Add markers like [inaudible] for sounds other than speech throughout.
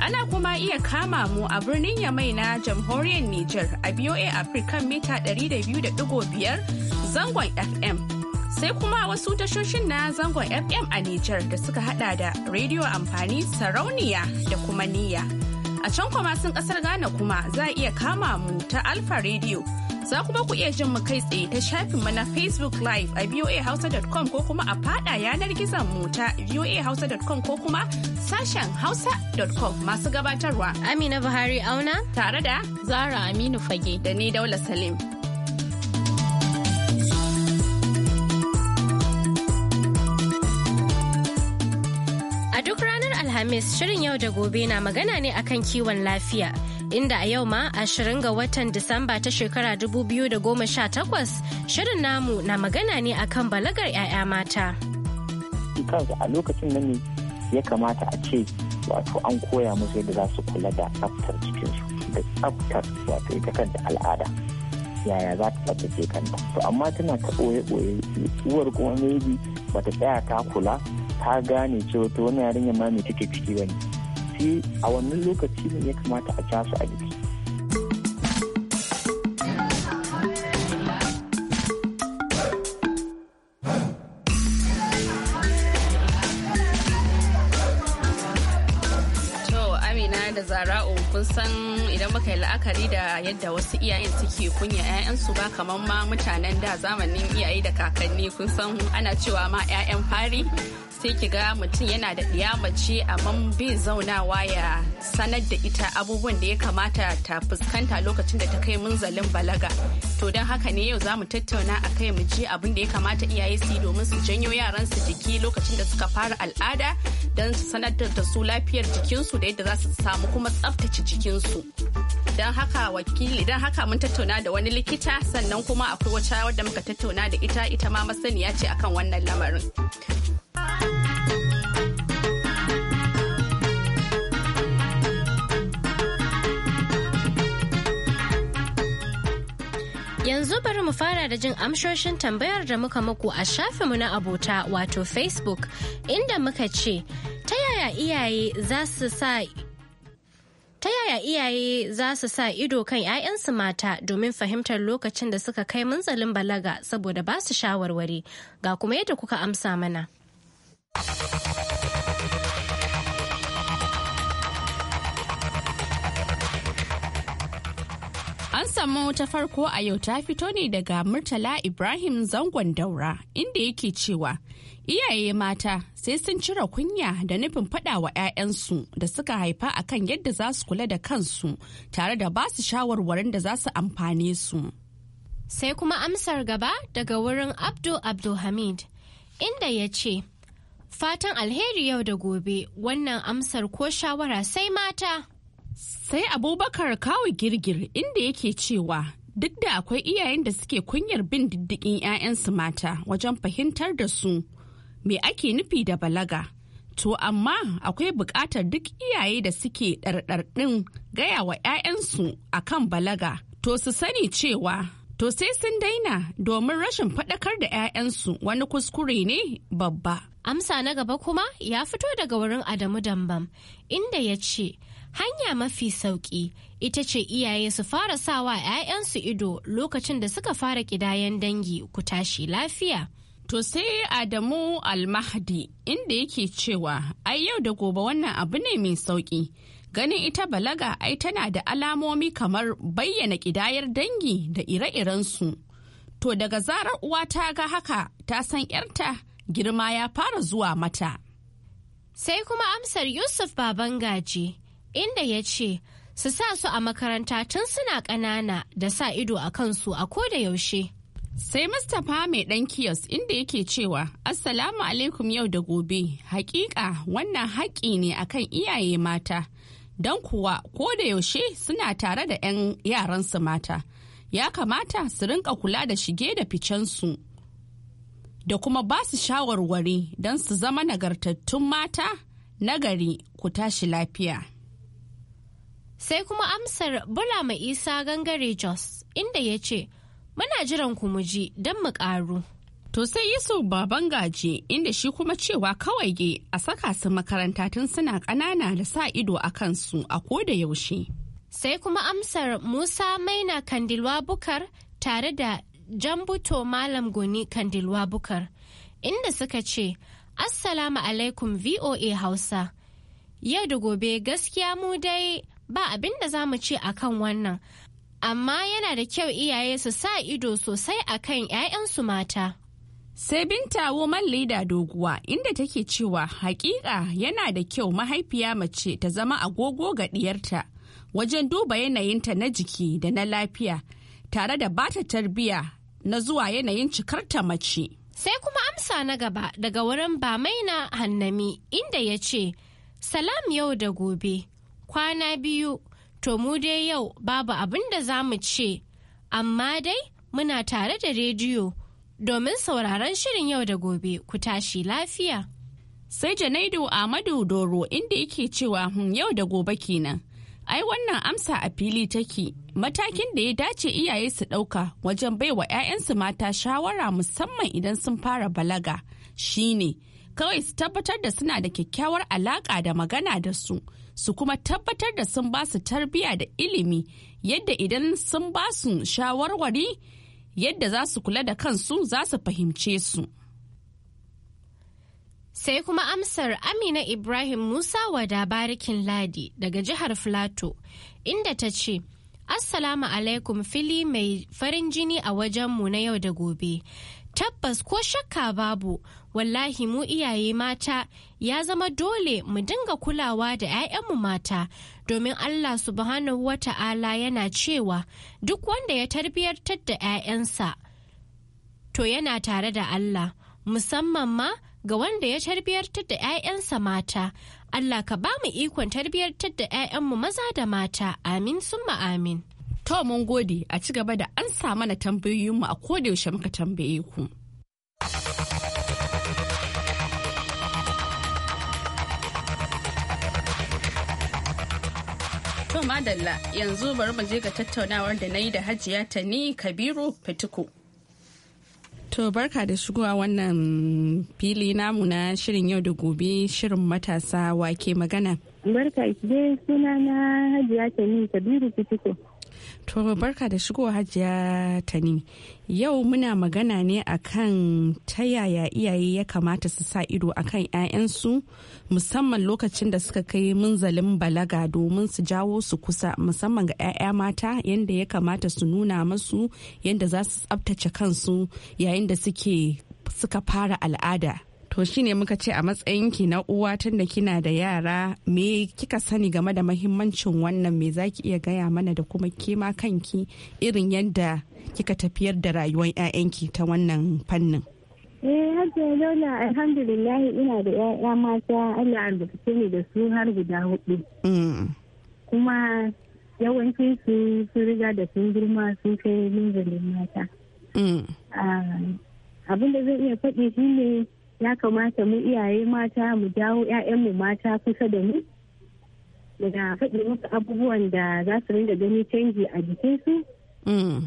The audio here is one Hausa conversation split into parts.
Ana kuma iya kama mu a birnin Yamai na jamhuriyar Nijar a BOA African mita 200.5 zangon FM. Sai kuma wasu tashoshin na zangon FM a Nijar da suka hada da rediyo amfani sarauniya da kuma niyya. A can kuma sun kasar Ghana kuma za a iya kama mu ta Alfa Radio. Za kuma ku iya jin mu kai tsaye ta shafin mana Facebook Live a voahausa.com ko kuma a fada yanar gizon mu ta voahausa.com ko kuma sashen hausa.com masu gabatarwa. Amina Buhari Auna tare da Zara Aminu Fage da ni Daula Salim. A duk ranar Alhamis shirin yau da gobe na magana ne akan kiwon lafiya. inda a yau ma 20 ga watan Disamba ta shekara 2018 shirin namu na magana ne akan balagar 'ya'ya mata. kansu a lokacin nan ne ya kamata a ce wato an koya musu yadda za su kula da tsaftar cikinsu da tsaftar wato ita kanta al'ada yaya za ta tsaftace kanta to amma tana ta ɓoye-ɓoye uwar kuma maybe bata tsaya ta kula ta gane cewa to wani yarinya ma mai take ciki bane a wannan lokaci ne ya kamata a casu su a jiki da zara'u kun san idan muka yi la'akari da yadda wasu iyayen suke kunya 'ya'yansu ba kamar ma mutanen da zamanin iyaye da kakanni kun san ana cewa ma 'ya'yan fari sai ki ga mutum yana da ɗiya mace amma bai zaunawa ya sanar da ita abubuwan da ya kamata ta fuskanta lokacin da ta kai munzalin balaga to don haka ne yau za mu tattauna a kai mu ji abin da ya kamata iyaye su yi domin su janyo yaran su jiki lokacin da suka fara al'ada don su sanar da su lafiyar jikinsu da yadda za su samu kuma tsaftace jikinsu don haka wakili don haka mun tattauna da wani likita sannan kuma akwai wata wadda muka tattauna da ita ita ma masaniya ce akan wannan lamarin bari mu fara da jin amshoshin tambayar da muka muku a mu na abota wato Facebook inda muka ce ta yaya iyaye za su sa Ta yaya iyaye za su sa ido kan 'ya'yansu mata domin fahimtar lokacin da suka kai munzalin balaga saboda ba su shawarwari ga kuma yadda kuka amsa mana. An samu ta farko a yau ta fito ne daga Murtala Ibrahim zangon daura inda yake cewa iyaye mata sai sun cire kunya da nufin faɗawa wa 'ya'yansu da suka haifa a kan yadda za su kula da kansu tare da ba su shawarwarin da za su amfane su. Sai kuma amsar gaba daga wurin Abdu Abdulhamid inda ya ce, Fatan alheri yau da gobe wannan amsar ko shawara sai mata. Sai Abubakar kawo girgir inda yake cewa duk da akwai iyayen da suke kunyar bin diddigin 'ya'yansu mata wajen fahimtar da su me ake nufi da balaga. To amma akwai buƙatar duk iyaye da suke ɗarɗarɗin gaya wa 'ya'yansu kan balaga to su sani cewa to sai sun daina domin rashin faɗakar da 'ya'yansu wani kuskure ne babba. Amsa na gaba kuma ya fito daga wurin Adamu Dambam inda ya ce, Hanya mafi sauƙi ita ce iyaye su fara sawa 'ya'yansu ido lokacin da suka fara ƙidayen dangi ku tashi lafiya. To sai Adamu Almahdi inda yake cewa ai yau da gobe wannan abu ne mai sauƙi. Ganin ita balaga ai tana da alamomi kamar bayyana ƙidayar dangi da ire-irensu. To daga zarar uwa ta ga haka ta san 'yarta girma ya fara zuwa mata. Sai kuma amsar Yusuf Babangaji. inda ya ce su sa su a makaranta tun suna ƙanana da sa ido a kansu a koda yaushe. Sai Mustapha mai ɗan kiyos inda yake cewa Assalamu alaikum yau da gobe, hakika wannan haƙƙi ne akan iyaye mata, don kuwa ko da yaushe suna tare da 'yan yaransu mata, ya kamata su rinka kula da shige da ficensu. Da kuma ba su shawarwari don su zama nagartattun mata nagari ku tashi lafiya. Sai kuma amsar Bula mai Isa gangare Jos inda ya ce, Muna jiran ku mu ji don mu ƙaru. To sai Yusuf baban gaji inda shi kuma cewa kawai ge a saka su makaranta tun suna ƙanana da sa ido a kansu a ko da yaushe. Sai kuma amsar Musa Maina Kandilwa Bukar tare da Jambuto Malam Goni Kandilwa Bukar inda suka ce, Assalamu alaikum VOA Hausa. Yau da gobe gaskiya mu dai ba abin da za mu ce a kan wannan amma yana da kyau iyaye su sa ido sosai a kan 'ya'yansu mata sai binta woman leda doguwa inda take cewa hakika yana da kyau mahaifiya mace ta zama agogo ga ɗiyarta wajen duba yanayinta na jiki da na lafiya tare da bata tarbiya na zuwa yanayin cikarta mace sai kuma amsa na gaba daga wurin bamaina hannami inda ya ce salam yau da gobe kwana biyu to mu dai yau babu abin da za mu ce amma dai muna tare da rediyo domin sauraron shirin yau da gobe ku tashi lafiya. Sai Janaidu Ahmadu Doro inda yake cewa hun hmm, yau da gobe kenan. Ai wannan amsa a fili take matakin da ya dace iyaye su ɗauka wajen baiwa 'ya'yansu mata shawara musamman idan sun fara balaga shine kawai su tabbatar da suna da kyakkyawar alaƙa da magana da su. su kuma tabbatar da sun ba su tarbiyya da ilimi yadda idan sun ba su shawarwari yadda za su kula da kansu za su fahimce su. Sai kuma amsar Amina Ibrahim Musa wada barikin Ladi daga jihar Filato, inda ta ce, Assalamu alaikum fili mai farin jini a wajenmu na yau da gobe. Tabbas ko shakka babu, wallahi mu iyaye mata ya zama dole mu dinga kulawa da 'ya'yanmu mata domin Allah subhanahu wa ta'ala yana cewa duk wanda ya tarbiyartar da 'ya'yansa to yana tare da Allah musamman ma ga wanda ya tarbiyartar da 'ya'yansa mata. Allah ka ba mu ikon tarbiyartar da 'ya'yanmu maza da mata, amin summa amin. To mun gode a ci gaba da an mana tambayoyinmu a ko kodayaushe muka tambaye ku. To madalla yanzu bari mu je ga tattaunawar da na yi da hajiya ta ni Kabiru Fituku. To barka da shigowa wannan fili namu na shirin yau da gobe shirin matasa wake magana. Barka ki dai hajiya ta ni Kabiru Fituku. Toro barka da shigo hajiya tani. Yau muna magana ne akan ta yaya iyaye ya kamata su sa ido akan 'ya'yansu musamman lokacin da suka kai munzalin balaga domin su jawo su kusa musamman ga 'ya'ya mata yadda ya kamata su nuna masu yadda za su tsabtace kansu yayin da suke suka fara al'ada to shine muka ce a matsayin ki na uwa tun da kina da yara me kika sani game da mahimmancin wannan me zaki iya gaya mana da kuma kan kanki irin yadda kika tafiyar da rayuwar 'ya'yanki ta wannan fannin eh hajji zauna alhamdulillah ina da 'ya'ya mata allah albarkace ne da su har guda hudu mm. kuma yawanci su sun riga da sun girma sun kai da mata mm. ah, abin da zan iya faɗi shine ya kamata mu iyaye mata mu jawo mu mata kusa da mu daga faɗi musu abubuwan da za su rinda gani canji a jikinsu in mm.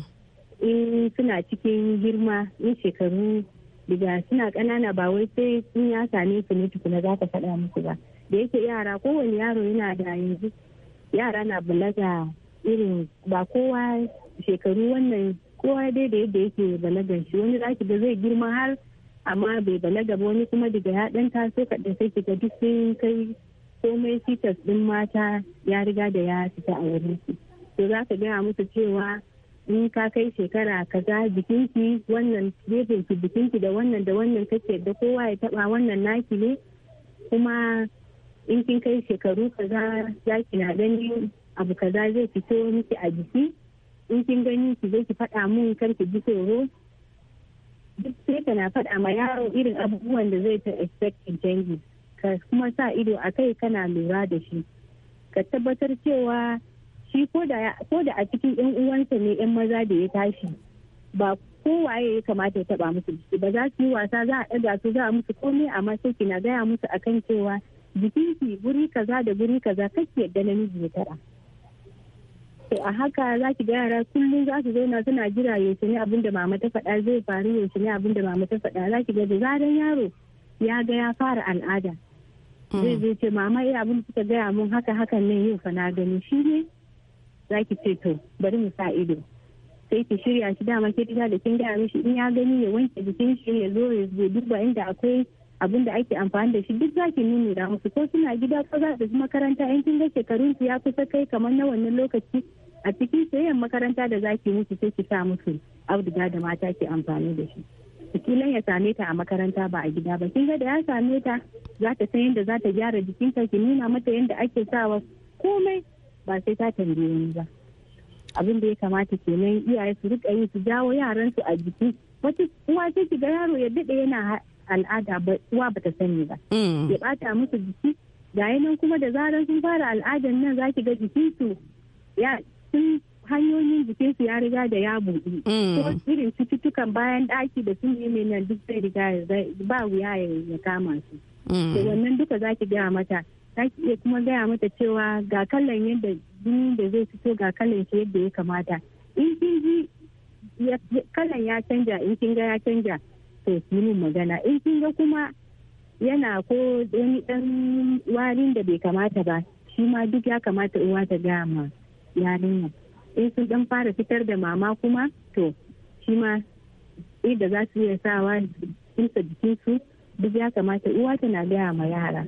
eh, suna cikin girma in shekaru daga suna ƙanana ba wai sai in ya same su ne tukuna za ka faɗa musu ba da yake yara kowane yaro yana da yanzu yara na balaga irin ba kowa shekaru wannan kowa dai da yadda yake balagan shi wani za ki da zai girma har amma bai balaga ba wani kuma daga ya dan taso kaɗan sai kiga duk sun kai komai fitas ɗin mata ya riga da ya fita a wurin su to za ka gaya musu cewa in ka kai shekara ka kaza jikinki wannan gefen ki jikinki da wannan da wannan kake da kowa ya taɓa wannan naki ne kuma in kin kai shekaru kaza za ki na gani abu kaza zai fito miki a jiki in kin gani ki zai ki faɗa mun kar ki ji tsoro duk sai na faɗa ma yaro irin abubuwan da zai ta expecting canji ka kuma sa ido a kai kana lura da shi ka tabbatar cewa shi ko da a cikin yan uwansa ne yan maza da ya tashi ba kowaye ya kamata ya taba musu jiki ba za su yi wasa za a ɗaga su za a musu komai amma sai kina gaya musu akan cewa jikinki guri kaza da guri kaza kake yadda namiji ya tara to a haka za ki ga yara kullum za su zauna suna jira yaushe ne abin da mama ta faɗa zai faru yaushe ne abin da mama ta faɗa za ki ga da zaran yaro ya ga ya fara al'ada zai mm. zai ce mama eh abin da suka gaya mun haka hakan nan yau fa na gani shi ne za ki ce to bari mu sa ido sai ki shirya shi dama ke ta da kin gaya mishi in ya gani ya wanke jikin shi ya zo ya duba inda akwai abin da ake amfani da shi duk za ki nuni da musu ko suna gida ko za su makaranta yankin da ga shekarun ya kusa kai kamar na wannan lokaci a cikin sayan makaranta da zaki musu sai ki sa musu auduga da mata ke amfani da shi kilan ya same ta a makaranta ba a gida ba kin ga da ya same ta za ta san yadda za ta gyara jikinta ki nuna mata yadda ake sawa komai ba sai ta tambaye ni ba abin da ya kamata kenan iyaye su rika yi su jawo yaran su a jiki wata uwa sai ki ga yaro ya dade yana al'ada ba uwa bata sani ba mm. ya bata musu jiki ga nan kuma da zarar sun fara al'adan nan zaki ga jikin ya sun hanyoyin jikin su ya riga da ya buɗe. Mm. Ko irin cututtukan bayan ɗaki da sun yi mai nan duk zai riga ba wuya ya kama su. Mm. Da wannan duka za ki gaya mata. Za ki iya kuma gaya mata cewa ga kallon yadda jini da zai fito ga kallon shi yadda ya kamata. In kin ji kallon ya canja in kin ga ya canja to ki magana. In kin ga kuma yana ko wani ɗan warin da bai kamata ba shi ma duk ya kamata uwa ta gaya ma. yarinya in sun dan fara fitar da mama kuma to shi ma inda za su iya sawa jinsa jikinsu duk ya kamata uwa tana gaya ma yara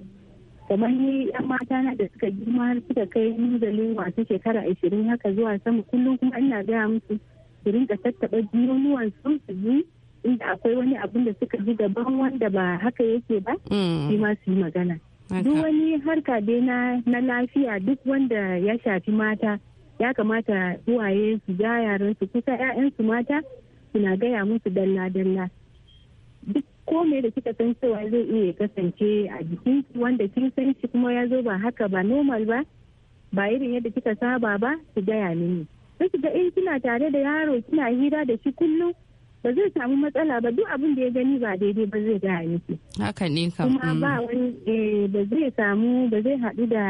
kamar ni yan mata na da suka girma suka kai munzalin wasu shekara ashirin haka zuwa sama kullum kuma ina gaya musu su rinka tattaɓa jiyonuwan su su ji inda akwai wani abun da suka ji gaban wanda ba haka yake ba mm. shi ma su yi magana duk wani harka dai na lafiya duk wanda ya shafi mata ya kamata uwaye su ja yaran su kusa 'ya'yansu mata suna gaya musu dalla-dalla duk me da kika san cewa zai iya kasance a jikin wanda kin san shi kuma ya zo ba haka ba normal ba ba irin yadda kika saba ba su gaya mini sai su ga in kina tare da yaro kina hira da shi kullum ba zai samu matsala ba duk abin da ya gani ba daidai ba zai gaya miki haka ne kuma ba mm. wani eh, ba zai samu ba zai haɗu da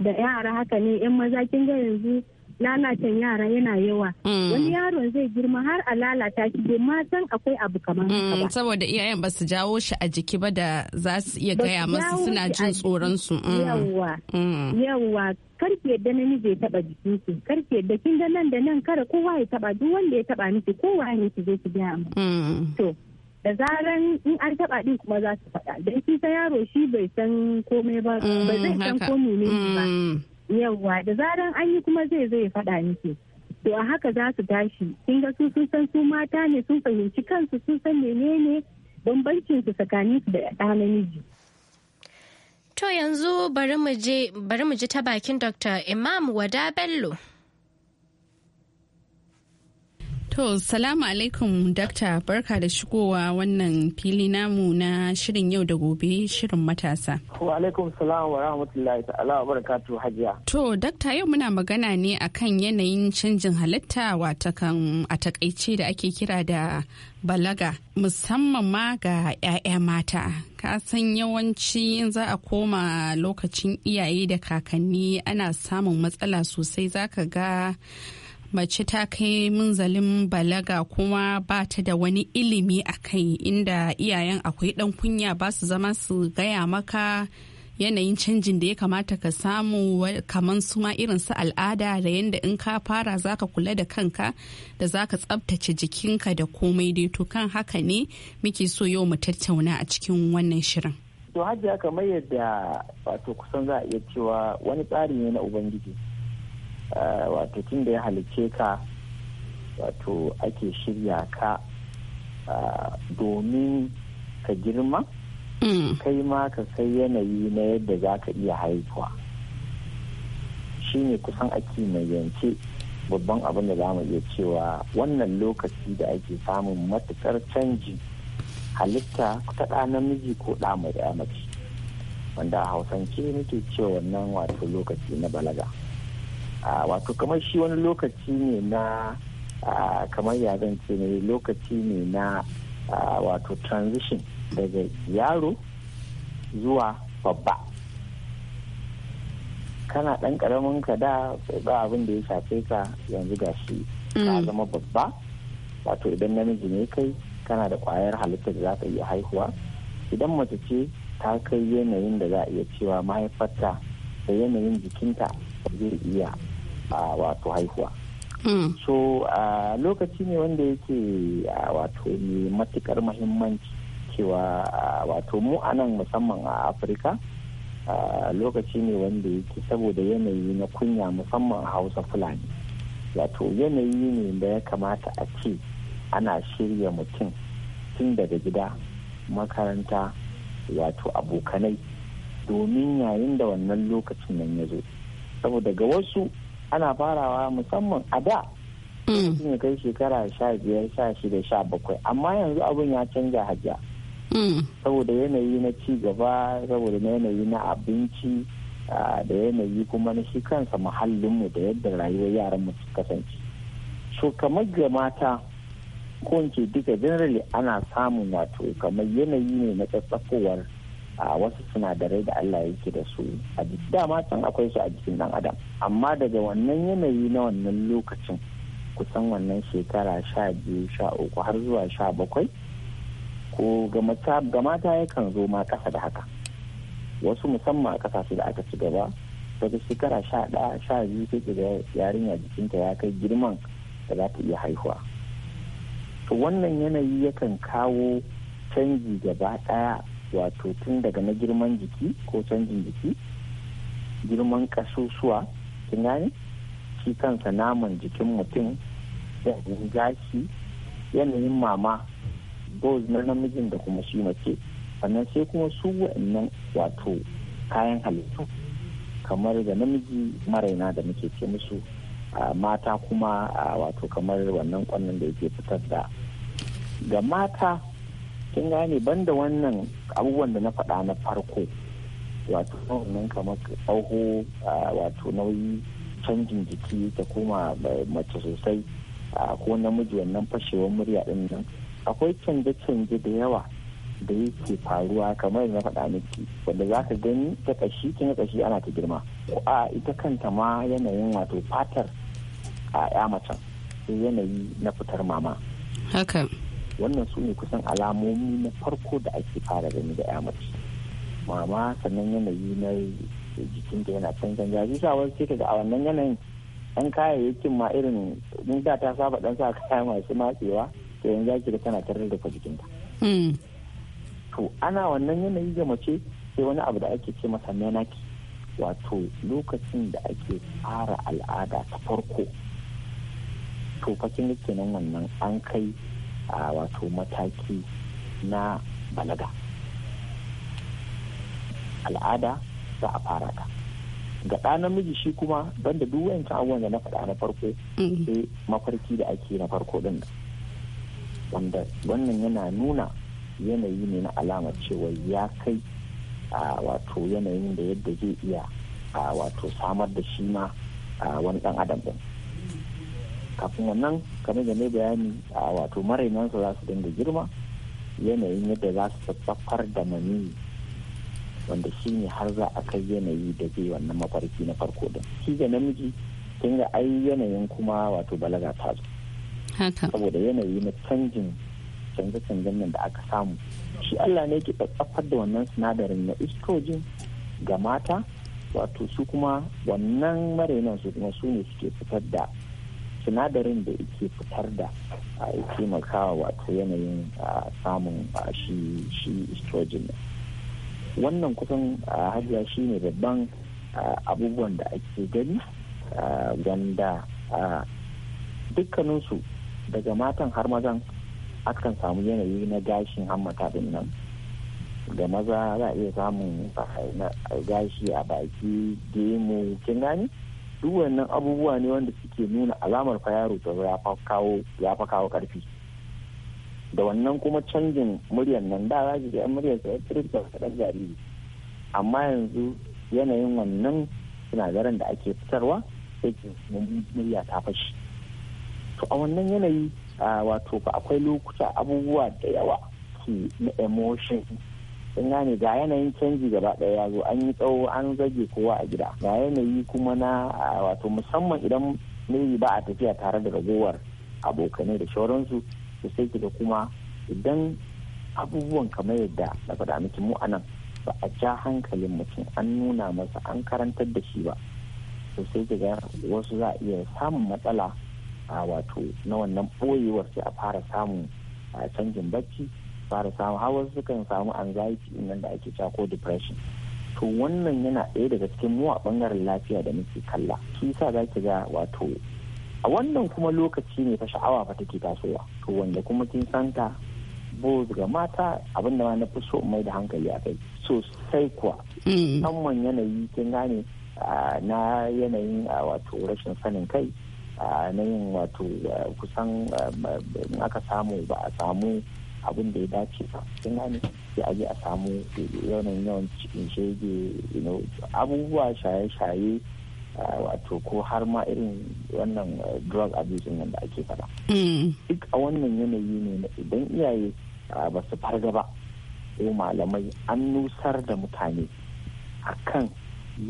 da yara haka ne yan maza kin ga yanzu lalacin yara yana yawa mm. wani yaron zai girma har a lalata shi bai ma san akwai abu kamar haka mm, ba saboda iyayen basu jawo shi a jiki ba da za su iya gaya masu suna jin tsoron su mm. yawa yawa karki yadda namiji ya taba jikin ki karki yadda kin ga nan da nan kare kowa ya taba duk wanda ya taba miki kowa ne ki zai ki gaya to da zaran in an taba din kuma za su faɗa don shi ta yaro shi bai san komai ba ba mm, zai san ko ne ba mm. yawwa da zaran an yi kuma zai zai faɗa miki to a haka za su tashi kin ga su sun san su mata ne sun fahimci kansu sun san menene bambancin su tsakanin su da ɗa namiji to yanzu bari mu je ta bakin Dr. Imam Wada Bello To, salamu alaikum dakta barka da shigowa wannan fili namu na shirin yau da gobe shirin matasa. Wa alaikum salam wa rahmatullahi ta'ala wa barakatu hajiya. To, dakta yau muna magana ne akan yanayin canjin halitta watakan a takaice da ake kira da balaga musamman ma ga 'ya'ya mata ka san yawanci in za a koma lokacin iyaye da kakanni ana samun matsala sosai zaka ga mace ta kai munzalin balaga kuma ba ta da wani ilimi a kai inda iyayen akwai dan kunya ba su zama su gaya maka yanayin canjin da ya kamata ka samu kamar su ma irin su al'ada da yadda in ka fara za ka kula da kanka da za ka tsabtace jikinka da komai dai to kan haka ne muke so yau mu tattauna a cikin wannan shirin to hajiya kamar yadda wato kusan za a iya cewa wani tsari ne na ubangiji Eh, wato tun da ya halicce ka wato ake shirya ka eh, domin ka girma mm. kai ma ka sai yanayi na yadda za ka iya haihuwa shine ne kusan ake mai yance babban abin da za mu iya cewa wannan lokaci da ake samun matukar canji halitta ta ɗa namiji ko ɗa mai mace wanda a hausance muke cewa wannan wato lokaci na balaga. wato kamar shi wani lokaci ne na kamar ya zan ce ne lokaci ne na wato transition daga yaro zuwa babba kana ɗan ƙaramin ka da ba abin da ya shafe ka yanzu ga shi ka mm. zama babba wato idan namiji ne kai kana da kwayar halittar da za ka iya haihuwa idan mace ce ta kai yanayin da za a iya cewa mahaifarta da yanayin jikinta zai iya a wato haihuwa mm. so a lokaci ne wanda yake wato ne matukar mahimmanci cewa wato mu a nan musamman a afirka lokaci ne wanda yake saboda yanayi na kunya musamman a hausa fulani wato yanayi ne da ya kamata a ce ana shirya mutum tun daga gida makaranta wato abokanai domin yayin da wannan lokacin nan ya zo saboda ga wasu ana farawa musamman a da mm. ya kai shekara sha biyar sha shida sha bakwai amma yanzu abin ya canja hajja. Mm. saboda yanayi na ci gaba saboda na yanayi na abinci ah, da yanayi kuma na shi kansa muhallinmu da yadda rayuwar yaran mu kasance so kamar ga mata ko duka generally ana samun wato kamar yanayi ne na tsatsakowar a wasu sinadarai da Allah yake da su a jiki dama can akwai su a jikin dan adam amma daga wannan yanayi na wannan lokacin kusan wannan shekara sha biyu sha uku har zuwa sha bakwai ko ga mata yakan zo ma kasa da haka wasu musamman a kasashe da aka ci gaba daga shekara sha ɗaya sha biyu sai da yarinya jikinta ya kai girman da za ta iya haihuwa to wannan yanayi yakan kawo canji gaba ɗaya wato tun daga na girman jiki ko canjin jiki girman kasusuwa kin gane shi kansa naman jikin mutum yanayin gashi yanayin mama boz na namijin da kuma shi mace sannan sai kuma su wa'annan wato kayan halittu kamar da namiji maraina da muke ce musu mata kuma a wato kamar wannan kwannan da yake fitar da ga mata kin gane ban da wannan abubuwan da na faɗa na farko wato nan kamar tsaho wato nauyi canjin jiki ta koma mace sosai ko namiji wannan fashewar murya din nan akwai canje-canje da yawa da yake faruwa kamar na faɗa miki wanda za ka gani ta ƙashi ta ƙashi ana ta girma ko a ita kanta ma yanayin wato fatar a ya macen yanayi na fitar mama haka wannan su ne kusan alamomi na farko da ake fara gani da ya mace mama sannan yanayi na jikin da yana canjan jaji sa wani ce ga a wannan yanayin ɗan kayayyakin ma irin mun da ta saba ɗan sa kaya masu matsewa to yanzu ake da tana tarar da jikinta. Hmm. to ana wannan yanayi ga mace sai wani abu da ake ce masa menaki wato lokacin da ake fara al'ada ta farko to fakin kenan wannan an kai a wato mataki na balaga al'ada za a fara ta ga ɗa namiji shi kuma banda duk wancan abubuwan da na faɗa na farko mm. sai mafarki da ake na farko ɗin wanda wannan yana nuna yanayi ne na alamar cewa ya kai a wato yanayin da yadda zai iya a wato samar da shi ma wani ɗan adam ɗin kafin wannan kamar da ne bayani a wato marainansa za su dinga girma yanayin yadda za su tsaffar da mani wanda shi ne har za a kai yanayi da zai wannan mafarki na farko din shi da namiji tun ga ai yanayin kuma wato balaga ta zo saboda yanayi na canjin canje-canjen nan da aka samu shi Allah ne ke tsaffar da wannan sinadarin na estrogen ga mata wato su kuma wannan marainan su kuma su ne suke fitar da sinadarin da ke fitar da ya makawa wato yanayin samun shi estrogen wannan kusan hajiya shi ne babban abubuwan da ake gani wanda dukkaninsu daga matan har mazan akan samu yanayi na gashin hammata din nan da maza za a iya samun gashi a baki gemu kin gani duk wannan abubuwa ne wanda suke nuna alamar fa yaro ta ya fa kawo ya karfi da wannan kuma canjin muryar nan da za ki ga muryar sa ta kadan jariri amma yanzu yanayin wannan sinadaran da ake fitarwa sai murya ta fashi to a wannan yanayi wato fa akwai lokuta abubuwa da yawa ke na emotion sun gane ga yanayin canji gaba ɗaya ya zo an yi tsawo an zage kowa a gida ga yanayi kuma na wato musamman idan maybe ba a tafiya tare da ragowar abokanai da shauransu su sai kika kuma idan abubuwan kamar yadda na faɗa miki mu anan ba a ja hankalin mutum an nuna masa an karantar da shi ba to sai kiga wasu za a iya samun matsala a wato na wannan ɓoyewar sai a fara samun canjin bacci fara samu hawa wasu sukan samu anxiety nan da ake cewa ko depression to wannan yana ɗaya daga cikin mu a bangaren lafiya da muke kalla shi yasa za ki ga wato a wannan kuma lokaci ne fa sha'awa fa take tasowa to wanda kuma kin santa both ga mata abinda da ma na fi so mai da hankali a kai sosai kuwa mm. musamman yanayi kin gane na yanayin wato rashin sanin kai na yin wato kusan aka samu ba a samu abin da ya dace ba sun gane sai a je a samu yawan yawan cikin shege abubuwa shaye-shaye wato ko har ma irin wannan eh, drug abuse nan da ake fada mm. duk a wannan yanayi ne na idan iyaye ba su farga ba ko malamai an nusar da mutane akan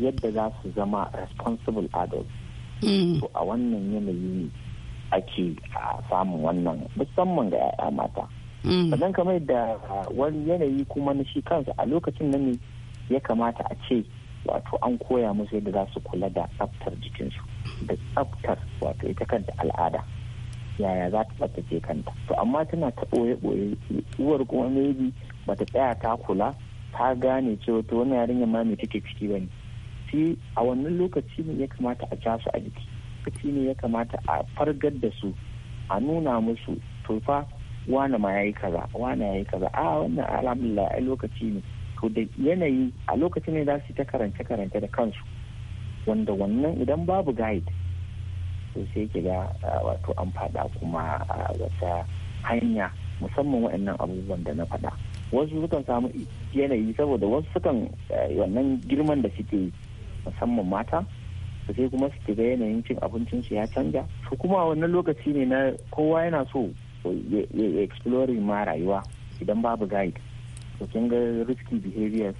yadda za su zama responsible adults mm. to a wannan yanayi ne ake samun wannan musamman ga 'ya'ya mata Mm. sannan kamar da ah, wani yanayi kuma na shi kansa a lokacin nan ne ya kamata a ce wato an koya musu yadda za su kula da tsaftar jikinsu da tsaftar wato ita kanta al'ada yaya za ta tsaftace kanta to amma tana ta ɓoye ɓoye uwar kuma maybe bata tsaya ta kula ta gane cewa to wani yarinya ma mai take ciki ba ne shi a wannan lokaci ne ya kamata a ja su a jiki lokaci ne ya kamata a fargar da su a nuna musu to wane ma yi kaza wane yi kaza a wannan alhamdulillah ai lokaci ne to da yanayi a lokacin ne za su ta karance karance da kansu wanda wannan idan babu guide to sai ke ga wato an faɗa kuma wata hanya musamman waɗannan abubuwan da na faɗa wasu sukan samu yanayi saboda wasu sukan wannan girman da suke musamman mata sai kuma su ga yanayin cin abincinsu ya canja su kuma wannan lokaci ne na kowa yana so exploring ma rayuwa idan babu guide to kin ga risky behaviors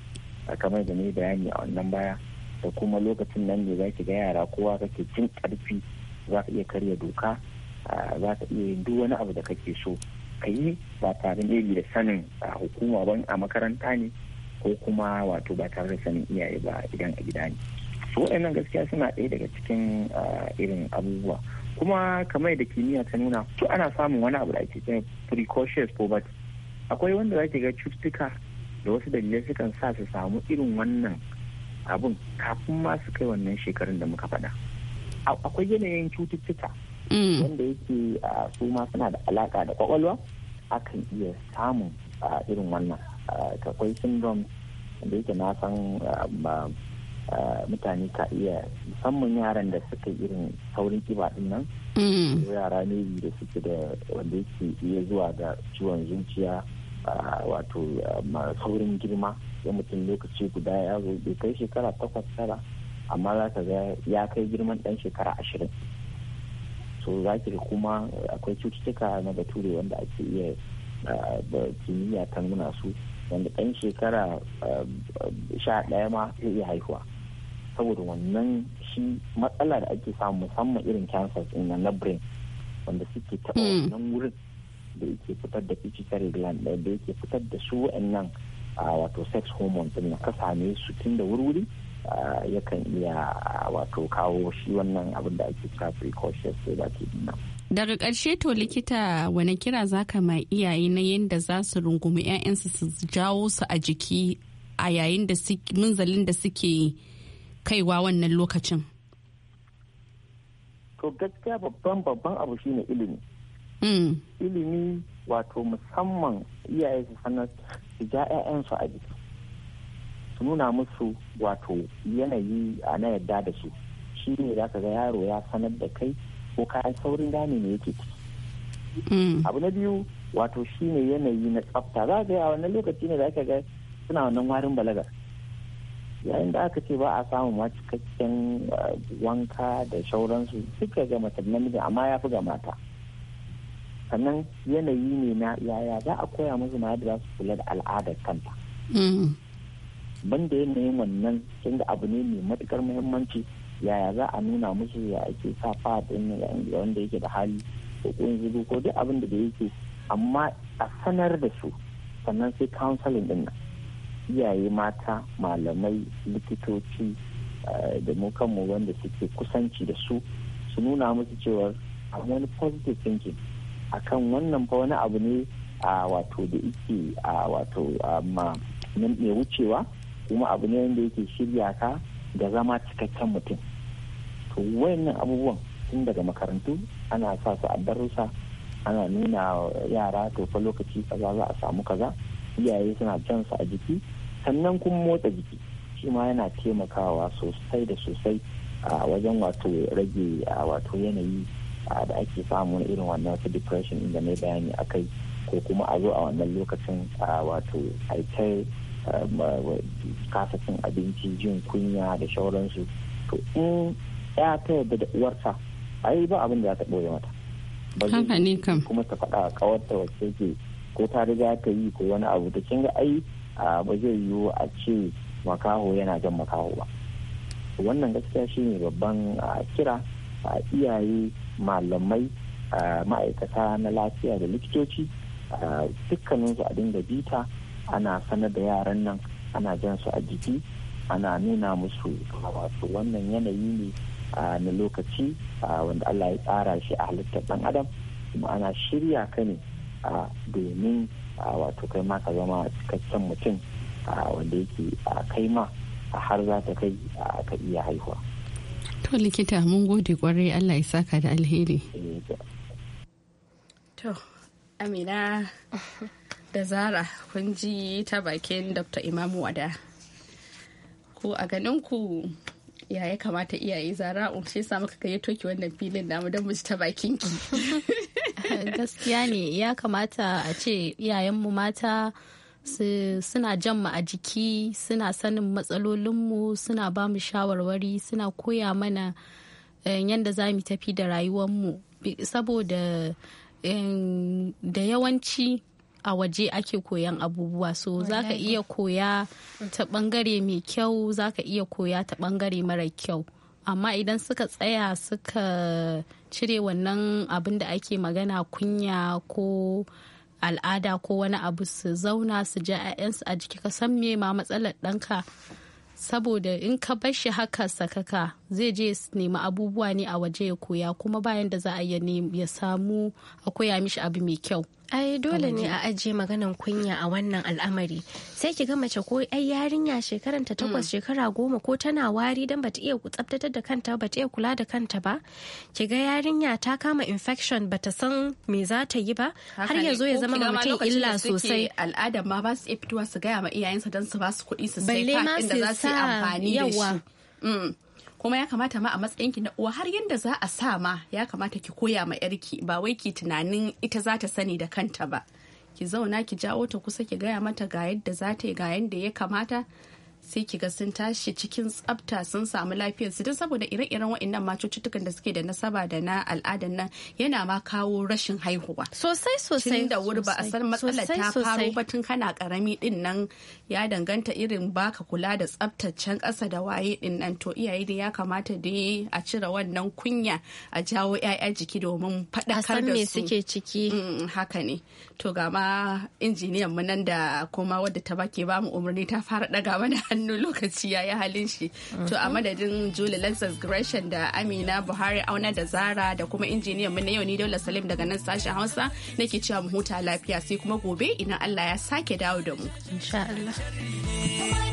kamar da ne bayani a wannan baya da kuma lokacin nan ne zaki ga yara kowa kake jin karfi za ka iya karya doka za ka iya yin duk wani abu da kake so ka yi ba tare da da sanin hukuma ban a makaranta ne ko kuma wato ba tare da sanin iyaye ba idan a gida ne so waɗannan gaskiya suna ɗaya daga cikin irin abubuwa kuma kamar da kimiyya ta nuna to ana samun wani abu da ake cewa precocious poverty akwai wanda za ga cututtuka da wasu dalilai sukan sa su samu irin wannan abun kafin ma su kai wannan shekarun da muka faɗa akwai yanayin cututtuka mm. wanda yake su ma suna da alaka da kwakwalwa akan iya samun irin wannan akwai syndrome da yake na san Eh, mutane ka iya musamman yaran da suka irin saurin kiba din nan mm. yara ne da suke da wanda yake iya zuwa da ciwon zuciya eh, wato eh, saurin girma ya mutum lokaci guda ya zo bai kai shekara takwas tara amma za ka ga ya kai girman dan shekara ashirin so za ki kuma akwai cututtuka na bature wanda ake iya da kimiyya ta nuna su wanda dan shekara sha ɗaya ma ya iya haihuwa saboda wannan shi matsala da ake samu musamman irin cancer din na brain wanda suke taɓa hmm. wannan wurin da yake fitar da pituitary gland da yake fitar da su wa'annan wato sex hormones din ka same su tun da wurwuri yakan iya wato kawo shi wannan abin da ake kira precocious da ke nan daga ƙarshe to likita wani kira za ka ma iyaye na yadda za su rungumi 'ya'yansu su jawo su a jiki a yayin da munzalin da suke kaiwa wannan lokacin? To gaskiya babban babban abu shine ilimi. Hmm. Ilimi wato musamman iyaye su sanar su ja 'ya'yansu a jiki. Su nuna musu wato yanayi a na yadda da su. Shi ne za ka ga yaro ya sanar da kai ko kayan saurin gane ne yake ciki. Hmm. abu na biyu wato shine yanayi na tsafta za ga a wannan lokaci ne za ka ga suna wannan warin balagar yayin da aka ce ba a samun ma cikakken eh, wanka da shauransu suka ga mata namiji amma ya fi ga mata sannan yanayi ne na yaya za a koya musu ma yadda za su kula da al'adar kanta mm. banda yanayin wannan da abu ne mai matukar muhimmanci yaya za a nuna musu ya ake sa fadin wanda yake da hali ko kunzugu ko duk abin da da yake amma a sanar da su sannan sai counseling din nan iyaye mata malamai likitoci eh, da mu kanmu wanda suke kusanci da su su nuna musu cewa a wani positive thinking kan wannan fa wani abu ne a wato da yake a wato mai wucewa kuma abu ne wanda yake shirya ka da zama cikakken mutum to wayannan abubuwan tun daga makarantu ana sa su a darussa ana nuna yara to fa lokaci kaza za a samu kaza iyaye suna jansa a jiki sannan kuma motsa jiki shi ma yana taimakawa sosai da sosai a wajen wato rage wato yanayi da ake samu na irin wannan su depression inda na bayani a kai ko kuma a zo a wannan lokacin wato aikai kasa abinci jin kunya da shauransu to in ya ta yadda da uwarta ai ba abin da za ta ɓoye mata haka ne kam kuma ta faɗa a kawarta wacce ke ko ta riga ta yi ko wani abu ta kin ai ba zai yiwu a ce makaho yana jan makaho ba wannan gaskiya shine babban kira a iyaye malamai ma'aikata na lafiya da likitoci dukkaninsu a dinga bita ana sanar da yaran nan ana jan su a jiki ana nuna musu wato wannan yanayi ne na lokaci wanda allah ya tsara shi a halittar ɗan adam kuma ana shirya ka ne domin wato kai ma ka zama cikakken mutum a wanda yake a kai ma har za ta kai ka iya haihuwa. To likita mun gode kwarai Allah ya saka da alheri. To Amina da Zara kun ji ta bakin Dr. Imamu Wada. Ku a ganin ku ya kamata iyaye zara un shi sa muka kai toki wannan filin namu don mu ji ta bakin ki. [laughs] [laughs] gaskiya ne ya kamata a ce iyayenmu mata suna jan mu a jiki suna sanin matsalolinmu suna ba mu shawarwari suna koya mana eh, yadda za mu tafi da rayuwarmu saboda eh, da yawanci a waje ake koyan abubuwa so za ka iya koya ta bangare mai kyau za ka iya koya ta bangare mara kyau amma idan suka tsaya suka cire wannan abin da ake magana kunya ko al'ada ko wani abu su zauna su ji ‘ya'yansu a jiki ka san me ma matsalar ɗanka saboda in ka bashi haka sakaka zai je nemi abubuwa ne a waje ya koya kuma bayan da za a yi ya samu a koya mishi abu mai kyau ai dole ne a ajiye maganan kunya a wannan al'amari sai ki ga mace ko ai yarinya shekaran ta takwas mm. shekara goma ko tana wari dan bata iya tsabtatar da kanta bata iya kula da kanta ba ki ga yarinya ta kama infection bata san me za ta yi ba har yanzu ya zama mutum illa sosai al'adar ma ba su iya fitowa su gaya ma iyayensa dan su ba su kuɗi su sai ka inda za su yi amfani da shi mm. kuma ya kamata ma a matsayinki na uwa har yadda za a sa ma ya kamata ki koya ma yarki ba wai ki tunanin ita za ta sani da kanta ba ki zauna ki jawo ta kusa ki gaya mata ga yadda za ta yi ga yadda ya kamata sai kiga sun tashi cikin tsafta sun samu lafiyar su don saboda ire-iren waɗannan ma cututtukan da suke da nasaba da na al'adan nan yana ma kawo rashin haihuwa sosai sosai da wuri ba a san matsalar ta faro ba tun kana karami din nan ya danganta irin baka kula da tsaftacen ƙasa da waye din nan to iyaye da ya kamata da a cire wannan kunya a jawo 'ya'ya jiki domin faɗakar da su suke ciki mm, haka ne to ga ma injiniyan mu nan da kuma wadda ta bake ba mu umarni ta fara daga mana hannu lokaci ya yi halin shi to a madadin julie lexus gresham da amina buhari auna da zara da kuma injiniyan mu na yau ni daula salim daga nan sashen hausa nake cewa mu huta lafiya sai kuma gobe idan allah ya sake dawo da mu insha